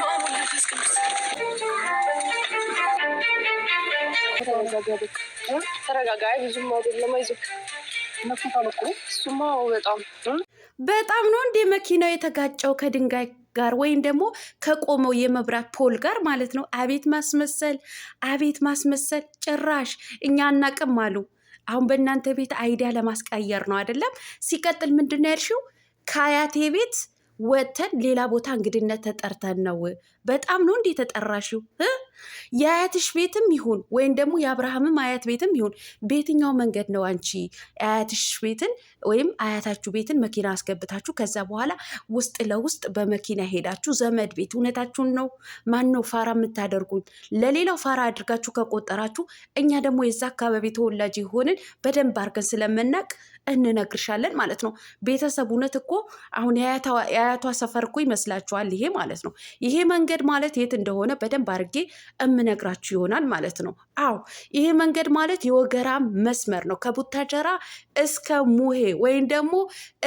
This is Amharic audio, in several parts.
በጣም በጣም ነው እንዴ መኪናው የተጋጨው ከድንጋይ ጋር ወይም ደግሞ ከቆመው የመብራት ፖል ጋር ማለት ነው። አቤት ማስመሰል፣ አቤት ማስመሰል። ጭራሽ እኛ አናቅም አሉ። አሁን በእናንተ ቤት አይዲያ ለማስቀየር ነው አይደለም። ሲቀጥል ምንድን ነው ያልሽው? ከአያቴ ቤት ወጥተን ሌላ ቦታ እንግድነት ተጠርተን ነው። በጣም ነው እንዴ የተጠራሽው? የአያትሽ ቤትም ይሁን ወይም ደግሞ የአብርሃምም አያት ቤትም ይሁን በየትኛው መንገድ ነው አንቺ አያትሽ ቤትን ወይም አያታችሁ ቤትን መኪና አስገብታችሁ ከዛ በኋላ ውስጥ ለውስጥ በመኪና ሄዳችሁ ዘመድ ቤት እውነታችሁን ነው? ማን ነው ፋራ የምታደርጉኝ? ለሌላው ፋራ አድርጋችሁ ከቆጠራችሁ እኛ ደግሞ የዛ አካባቢ ተወላጅ የሆንን በደንብ አድርገን ስለምናቅ እንነግርሻለን ማለት ነው። ቤተሰብ እውነት እኮ አሁን የአያቷ ሰፈር እኮ ይመስላችኋል ይሄ ማለት ነው። ይሄ መንገድ ማለት የት እንደሆነ በደንብ አድርጌ እምነግራችሁ ይሆናል ማለት ነው። አዎ ይሄ መንገድ ማለት የወገራ መስመር ነው ከቡታጀራ እስከ ሙሄ ወይም ደግሞ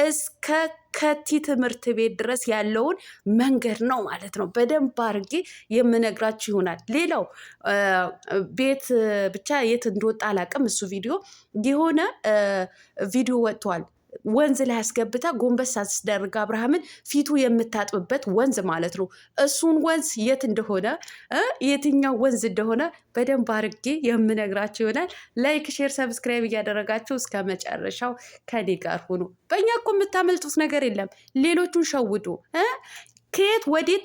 እስከ ከቲ ትምህርት ቤት ድረስ ያለውን መንገድ ነው ማለት ነው። በደንብ አድርጌ የምነግራችሁ ይሆናል። ሌላው ቤት ብቻ የት እንደወጣ አላቅም። እሱ ቪዲዮ የሆነ ቪዲዮ ወጥቷል። ወንዝ ላይ አስገብታ ጎንበስ አስደርግ አብርሃምን ፊቱ የምታጥብበት ወንዝ ማለት ነው። እሱን ወንዝ የት እንደሆነ የትኛው ወንዝ እንደሆነ በደንብ አርጌ የምነግራችሁ ይሆናል። ላይክ፣ ሼር፣ ሰብስክራይብ እያደረጋችሁ እስከ መጨረሻው ከኔ ጋር ሆኖ በእኛ እኮ የምታመልጡት ነገር የለም። ሌሎቹን ሸውዱ። ከየት ወዴት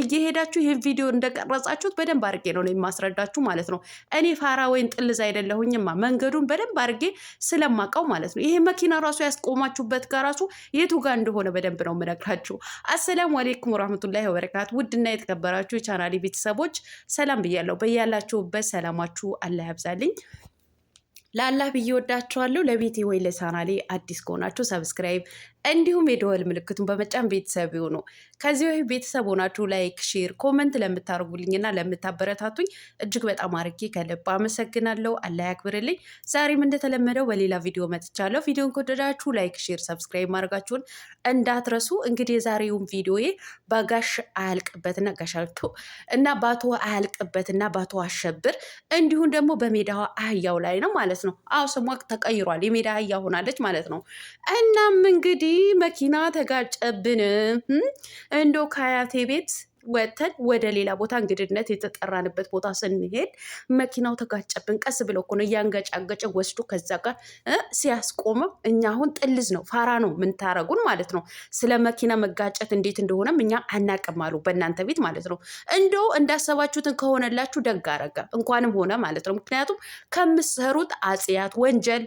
እየሄዳችሁ ይህን ቪዲዮ እንደቀረጻችሁት በደንብ አድርጌ ነው የማስረዳችሁ ማለት ነው። እኔ ፋራ ወይን ጥልዝ አይደለሁኝማ መንገዱን በደንብ አድርጌ ስለማቀው ማለት ነው። ይሄ መኪና ራሱ ያስቆማችሁበት ጋር ራሱ የቱ ጋር እንደሆነ በደንብ ነው የምነግራችሁ። አሰላሙ አሌይኩም ወራህመቱላሂ ወበረካቱ። ውድና የተከበራችሁ የቻናሌ ቤተሰቦች ሰላም ብያለሁ። በያላችሁበት ሰላማችሁ አላህ ያብዛልኝ። ለአላህ ብዬ ወዳችኋለሁ። ለቤቴ ወይ ለቻናሌ አዲስ ከሆናችሁ ሰብስክራይብ፣ እንዲሁም የደወል ምልክቱን በመጫን ቤተሰብ ይሁኑ። ከዚህ በፊት ቤተሰብ ሆናችሁ ላይክ፣ ሼር፣ ኮመንት ለምታደርጉልኝና ለምታበረታቱኝ እጅግ በጣም አርጌ ከልብ አመሰግናለሁ። አላህ ያክብርልኝ። ዛሬም እንደተለመደው በሌላ ቪዲዮ መጥቻለሁ። ቪዲዮን ከወደዳችሁ ላይክ፣ ሼር፣ ሰብስክራይብ ማድረጋችሁን እንዳትረሱ። እንግዲህ የዛሬውን ቪዲዮዬ በጋሽ አያልቅበትና ጋሻቶ እና በአቶ አያልቅበትና ባቶ አሸብር እንዲሁም ደግሞ በሜዳ አህያው ላይ ነው ማለት ነው። አዎ ስሟ ተቀይሯል። የሜዳ አህያ ሆናለች ማለት ነው። እናም እንግዲህ መኪና ተጋጨብን። እንዶ ከአያቴ ቤት ወተን ወደ ሌላ ቦታ እንግድነት የተጠራንበት ቦታ ስንሄድ መኪናው ተጋጨብን። ቀስ ብለው እኮ ነው እያንገጫገጨ ወስዱ ከዛ ጋር ሲያስቆመው፣ እኛ አሁን ጥልዝ ነው ፋራ ነው የምንታረጉን ማለት ነው። ስለ መኪና መጋጨት እንዴት እንደሆነም እኛ አናቅም አሉ በእናንተ ቤት ማለት ነው። እንዶ እንዳሰባችሁትን ከሆነላችሁ ደግ አረጋ እንኳንም ሆነ ማለት ነው። ምክንያቱም ከምትሰሩት አጽያት ወንጀል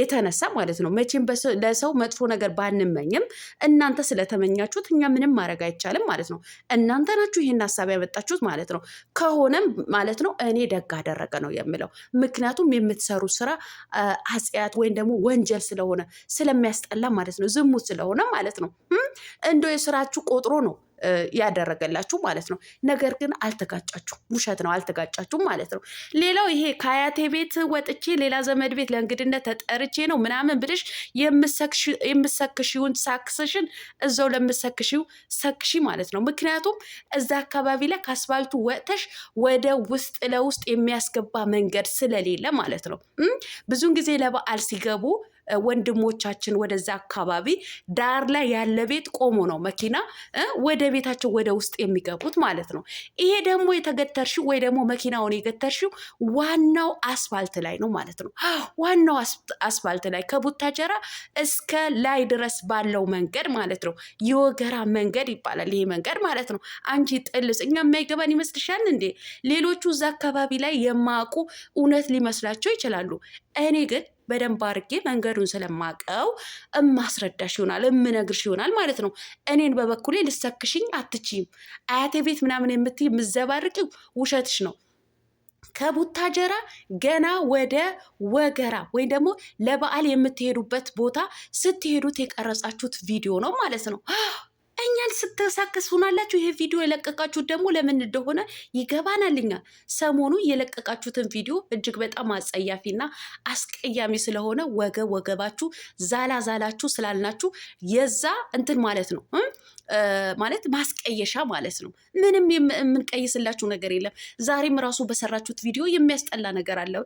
የተነሳ ማለት ነው። መቼም ለሰው መጥፎ ነገር ባንመኝም እናንተ ስለተመኛችሁት እኛ ምንም ማድረግ አይቻልም ማለት ነው። እናንተ ናችሁ ይህን ሀሳብ ያመጣችሁት ማለት ነው። ከሆነም ማለት ነው እኔ ደግ አደረገ ነው የምለው። ምክንያቱም የምትሰሩት ስራ ኃጢአት ወይም ደግሞ ወንጀል ስለሆነ ስለሚያስጠላ ማለት ነው፣ ዝሙት ስለሆነ ማለት ነው። እንደው የስራችሁ ቆጥሮ ነው ያደረገላችሁ ማለት ነው። ነገር ግን አልተጋጫችሁ፣ ውሸት ነው፣ አልተጋጫችሁም ማለት ነው። ሌላው ይሄ ከአያቴ ቤት ወጥቼ ሌላ ዘመድ ቤት ለእንግድነት ተጠርቼ ነው ምናምን ብልሽ የምሰክሽውን ሳክሰሽን እዛው ለምሰክሽው ሰክሺ ማለት ነው። ምክንያቱም እዛ አካባቢ ላይ ከአስፋልቱ ወጥተሽ ወደ ውስጥ ለውስጥ የሚያስገባ መንገድ ስለሌለ ማለት ነው። ብዙን ጊዜ ለበዓል ሲገቡ ወንድሞቻችን ወደዛ አካባቢ ዳር ላይ ያለ ቤት ቆሞ ነው መኪና ወደ ቤታቸው ወደ ውስጥ የሚገቡት ማለት ነው። ይሄ ደግሞ የተገተርሽው ወይ ደግሞ መኪናውን የገተርሽው ዋናው አስፋልት ላይ ነው ማለት ነው። ዋናው አስፋልት ላይ ከቡታጀራ እስከ ላይ ድረስ ባለው መንገድ ማለት ነው። የወገራ መንገድ ይባላል ይሄ መንገድ ማለት ነው። አንቺ ጥልስ እኛ የማይገባን ይመስልሻል እንዴ? ሌሎቹ እዛ አካባቢ ላይ የማያውቁ እውነት ሊመስላቸው ይችላሉ። እኔ ግን በደንብ አድርጌ መንገዱን ስለማቀው እማስረዳሽ ይሆናል እምነግርሽ ይሆናል ማለት ነው። እኔን በበኩሌ ልሰክሽኝ አትችይም። አያቴ ቤት ምናምን የምትይ የምዘባርቅ ውሸትሽ ነው። ከቡታጀራ ገና ወደ ወገራ ወይም ደግሞ ለበዓል የምትሄዱበት ቦታ ስትሄዱት የቀረጻችሁት ቪዲዮ ነው ማለት ነው። እኛን ስትሳከስ ሁናላችሁ። ይሄ ቪዲዮ የለቀቃችሁት ደግሞ ለምን እንደሆነ ይገባናል። እኛ ሰሞኑ የለቀቃችሁትን ቪዲዮ እጅግ በጣም አጸያፊና አስቀያሚ ስለሆነ ወገብ ወገባችሁ ዛላ ዛላችሁ ስላልናችሁ የዛ እንትን ማለት ነው ማለት ማስቀየሻ ማለት ነው። ምንም የምንቀይስላችሁ ነገር የለም። ዛሬም ራሱ በሰራችሁት ቪዲዮ የሚያስጠላ ነገር አለው።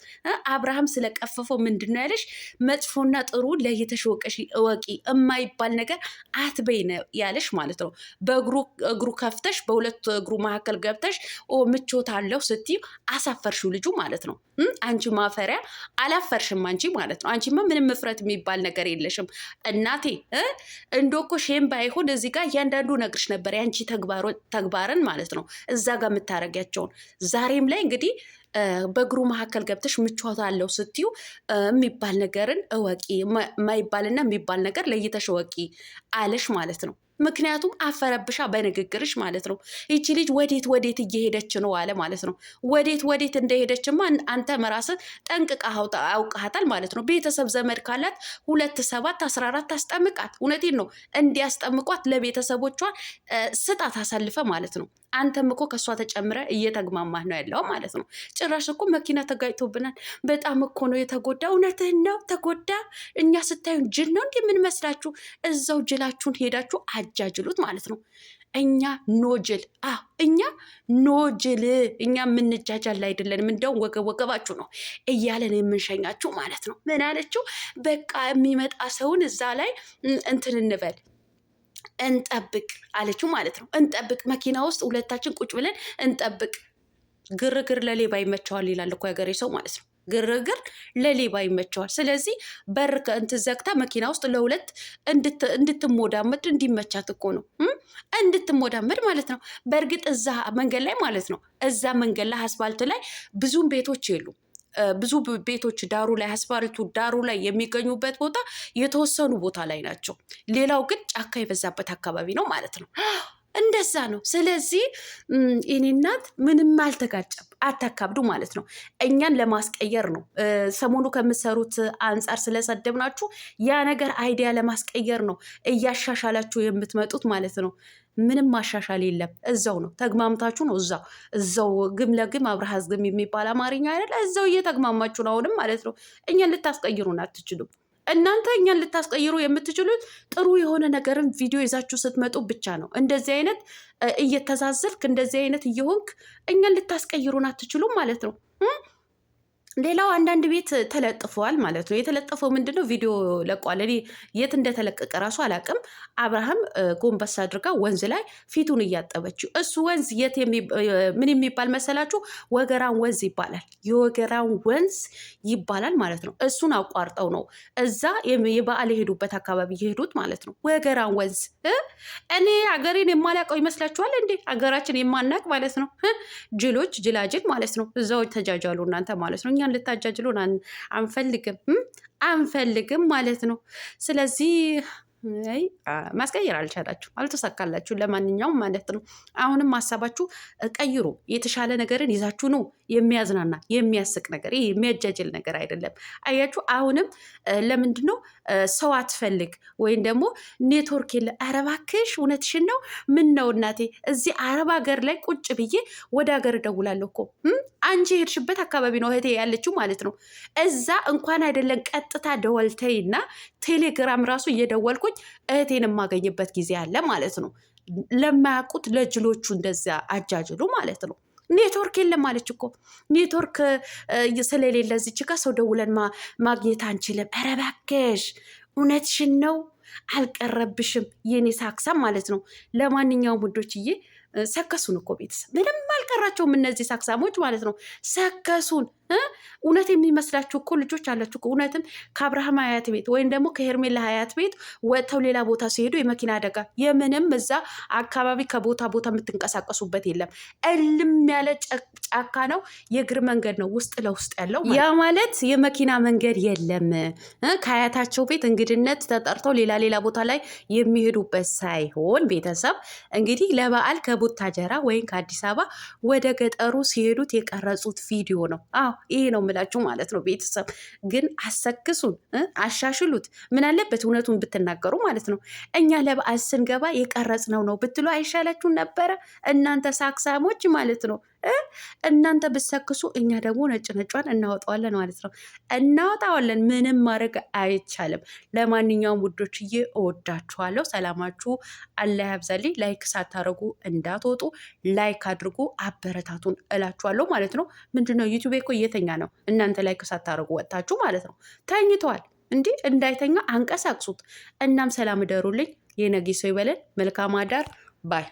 አብርሃም ስለቀፈፈው ምንድን ነው ያለሽ? መጥፎና ጥሩ ለየተሸወቀሽ እወቂ፣ የማይባል ነገር አትበይ ያለሽ ማለት ማለት ነው። በእግሩ እግሩ ከፍተሽ በሁለቱ እግሩ መካከል ገብተሽ ምቾት አለው ስቲ አሳፈርሽው ልጁ ማለት ነው። አንቺ ማፈሪያ አላፈርሽም አንቺ ማለት ነው። አንቺማ ምንም እፍረት የሚባል ነገር የለሽም እናቴ። እንደኮ ሼም ባይሆን እዚህ ጋር እያንዳንዱ ነግርሽ ነበር የአንቺ ተግባርን ማለት ነው። እዛ ጋር የምታደርጊያቸውን ዛሬም ላይ እንግዲህ በእግሩ መካከል ገብተሽ ምቾት አለው ስትዩ የሚባል ነገርን እወቂ። ማይባልና የሚባል ነገር ለይተሽ እወቂ አለሽ ማለት ነው። ምክንያቱም አፈረብሻ በንግግርሽ ማለት ነው። ይቺ ልጅ ወዴት ወዴት እየሄደች ነው አለ ማለት ነው። ወዴት ወዴት እንደሄደችማ አንተ መራስ ጠንቅቃ አውቃሃታል ማለት ነው። ቤተሰብ ዘመድ ካላት ሁለት ሰባት አስራ አራት አስጠምቃት። እውነቴን ነው እንዲያስጠምቋት ለቤተሰቦቿ ስጣት አሳልፈ ማለት ነው። አንተም እኮ ከእሷ ተጨምረ እየተግማማህ ነው ያለው ማለት ነው። ጭራሽ እኮ መኪና ተጋጭቶብናል። በጣም እኮ ነው የተጎዳ። እውነትህን ነው ተጎዳ። እኛ ስታዩን ጅን ነው እንዲህ የምንመስላችሁ እዛው ጅላችሁን ሄዳችሁ የሚያጃጅሉት ማለት ነው። እኛ ኖጅል አ እኛ ኖጅል እኛ የምንጃጃል አይደለንም። እንደውም ወገብ ወገባችሁ ነው እያለን የምንሸኛችሁ ማለት ነው። ምን አለችው? በቃ የሚመጣ ሰውን እዛ ላይ እንትን እንበል እንጠብቅ አለችው ማለት ነው። እንጠብቅ መኪና ውስጥ ሁለታችን ቁጭ ብለን እንጠብቅ። ግርግር ለሌባ ይመቸዋል ይላል እኮ ያገሬ ሰው ማለት ነው። ግርግር ለሌባ ይመቸዋል። ስለዚህ በር ከእንትን ዘግታ መኪና ውስጥ ለሁለት እንድትሞዳመድ እንዲመቻት እኮ ነው፣ እንድትሞዳመድ ማለት ነው። በእርግጥ እዛ መንገድ ላይ ማለት ነው፣ እዛ መንገድ ላይ አስፋልት ላይ ብዙም ቤቶች የሉ ብዙ ቤቶች ዳሩ ላይ አስፋልቱ ዳሩ ላይ የሚገኙበት ቦታ የተወሰኑ ቦታ ላይ ናቸው። ሌላው ግን ጫካ የበዛበት አካባቢ ነው ማለት ነው። እንደዛ ነው። ስለዚህ የኔ እናት ምንም አልተጋጨም፣ አታካብዱ ማለት ነው። እኛን ለማስቀየር ነው ሰሞኑ ከምትሰሩት አንጻር ስለሰደብናችሁ ያ ነገር አይዲያ ለማስቀየር ነው እያሻሻላችሁ የምትመጡት ማለት ነው። ምንም ማሻሻል የለም። እዛው ነው ተግማምታችሁ ነው እዛው እዛው ግም ለግም አብረሃዝ ግም የሚባል አማርኛ አይደለ? እዛው እየተግማማችሁ ነው አሁንም ማለት ነው። እኛን ልታስቀይሩን አትችሉም። እናንተ እኛን ልታስቀይሩ የምትችሉት ጥሩ የሆነ ነገርን ቪዲዮ ይዛችሁ ስትመጡ ብቻ ነው። እንደዚህ አይነት እየተዛዝልክ እንደዚህ አይነት እየሆንክ እኛን ልታስቀይሩን አትችሉም ማለት ነው። ሌላው አንዳንድ ቤት ተለጥፈዋል ማለት ነው። የተለጠፈው ምንድነው? ቪዲዮ ለቋል። እኔ የት እንደተለቀቀ ራሱ አላቅም። አብርሃም ጎንበስ አድርጋ ወንዝ ላይ ፊቱን እያጠበችው። እሱ ወንዝ የት ምን የሚባል መሰላችሁ? ወገራን ወንዝ ይባላል። የወገራን ወንዝ ይባላል ማለት ነው። እሱን አቋርጠው ነው እዛ የበዓል የሄዱበት አካባቢ የሄዱት ማለት ነው። ወገራን ወንዝ። እኔ ሀገሬን የማላውቀው ይመስላችኋል እንዴ? ሀገራችን የማናቅ ማለት ነው። ጅሎች፣ ጅላጅል ማለት ነው። እዛው ተጃጃሉ እናንተ ማለት ነው። እኛን ልታጃጅሉን አንፈልግም አንፈልግም ማለት ነው። ስለዚህ ማስቀየር አልቻላችሁ፣ አልተሳካላችሁ። ለማንኛውም ማለት ነው አሁንም ሀሳባችሁ ቀይሩ። የተሻለ ነገርን ይዛችሁ ነው የሚያዝናና የሚያስቅ ነገር፣ የሚያጃጅል ነገር አይደለም። አያችሁ፣ አሁንም ለምንድን ነው ሰው አትፈልግ ወይም ደግሞ ኔትወርክ የለ። አረባክሽ እባክሽ እውነትሽን ነው። ምን ነው እናቴ እዚህ አረብ ሀገር ላይ ቁጭ ብዬ ወደ ሀገር እደውላለሁ እኮ አንቺ የሄድሽበት አካባቢ ነው እህቴ ያለችው ማለት ነው። እዛ እንኳን አይደለም ቀጥታ ደወልተይና ቴሌግራም ራሱ እየደወልኩኝ እህቴን የማገኝበት ጊዜ አለ ማለት ነው። ለማያውቁት ለጅሎቹ እንደዚያ አጃጅሉ ማለት ነው። ኔትወርክ የለም ማለች እኮ ኔትወርክ ስለሌለ እዚች ጋር ሰው ደውለን ማግኘት አንችልም። ኧረ እባክሽ እውነትሽን ነው አልቀረብሽም፣ የኔ ሳክሳም ማለት ነው። ለማንኛውም ውዶችዬ ሰከሱን እኮ ቤተሰብ ምንም አልቀራቸውም። እነዚህ ሳክሳሞች ማለት ነው ሰከሱን። እውነት የሚመስላችሁ እኮ ልጆች አላችሁ። እውነትም ከአብርሃም ሀያት ቤት ወይም ደግሞ ከሄርሜላ ሀያት ቤት ወጥተው ሌላ ቦታ ሲሄዱ የመኪና አደጋ የምንም እዛ አካባቢ ከቦታ ቦታ የምትንቀሳቀሱበት የለም። እልም ያለ ጫካ ነው፣ የእግር መንገድ ነው ውስጥ ለውስጥ ያለው ያ ማለት የመኪና መንገድ የለም። ከሀያታቸው ቤት እንግድነት ተጠርተው ሌላ ሌላ ቦታ ላይ የሚሄዱበት ሳይሆን ቤተሰብ እንግዲህ ለበዓል ከቦ ከቡታጀራ ወይም ከአዲስ አበባ ወደ ገጠሩ ሲሄዱት የቀረጹት ቪዲዮ ነው። አዎ ይሄ ነው የምላችሁ ማለት ነው። ቤተሰብ ግን አሰክሱን፣ አሻሽሉት። ምን አለበት እውነቱን ብትናገሩ ማለት ነው። እኛ ለበዓል ስንገባ የቀረጽ ነው ነው ብትሉ አይሻላችሁን ነበረ? እናንተ ሳክሳሞች ማለት ነው። እናንተ ብሰክሱ እኛ ደግሞ ነጭ ነጯን እናወጣዋለን ማለት ነው። እናወጣዋለን። ምንም ማድረግ አይቻልም። ለማንኛውም ውዶችዬ እወዳችኋለሁ። ሰላማችሁ አላህ ያብዛልኝ። ላይክ ሳታደርጉ እንዳትወጡ፣ ላይክ አድርጉ፣ አበረታቱን እላችኋለሁ ማለት ነው። ምንድነው ዩቱቤ እኮ እየተኛ ነው። እናንተ ላይክ ሳታደርጉ ወጥታችሁ ማለት ነው። ተኝተዋል። እንዲህ እንዳይተኛ አንቀሳቅሱት። እናም ሰላም እደሩልኝ። የነጊ ሰው ይበለን። መልካም አዳር ባይ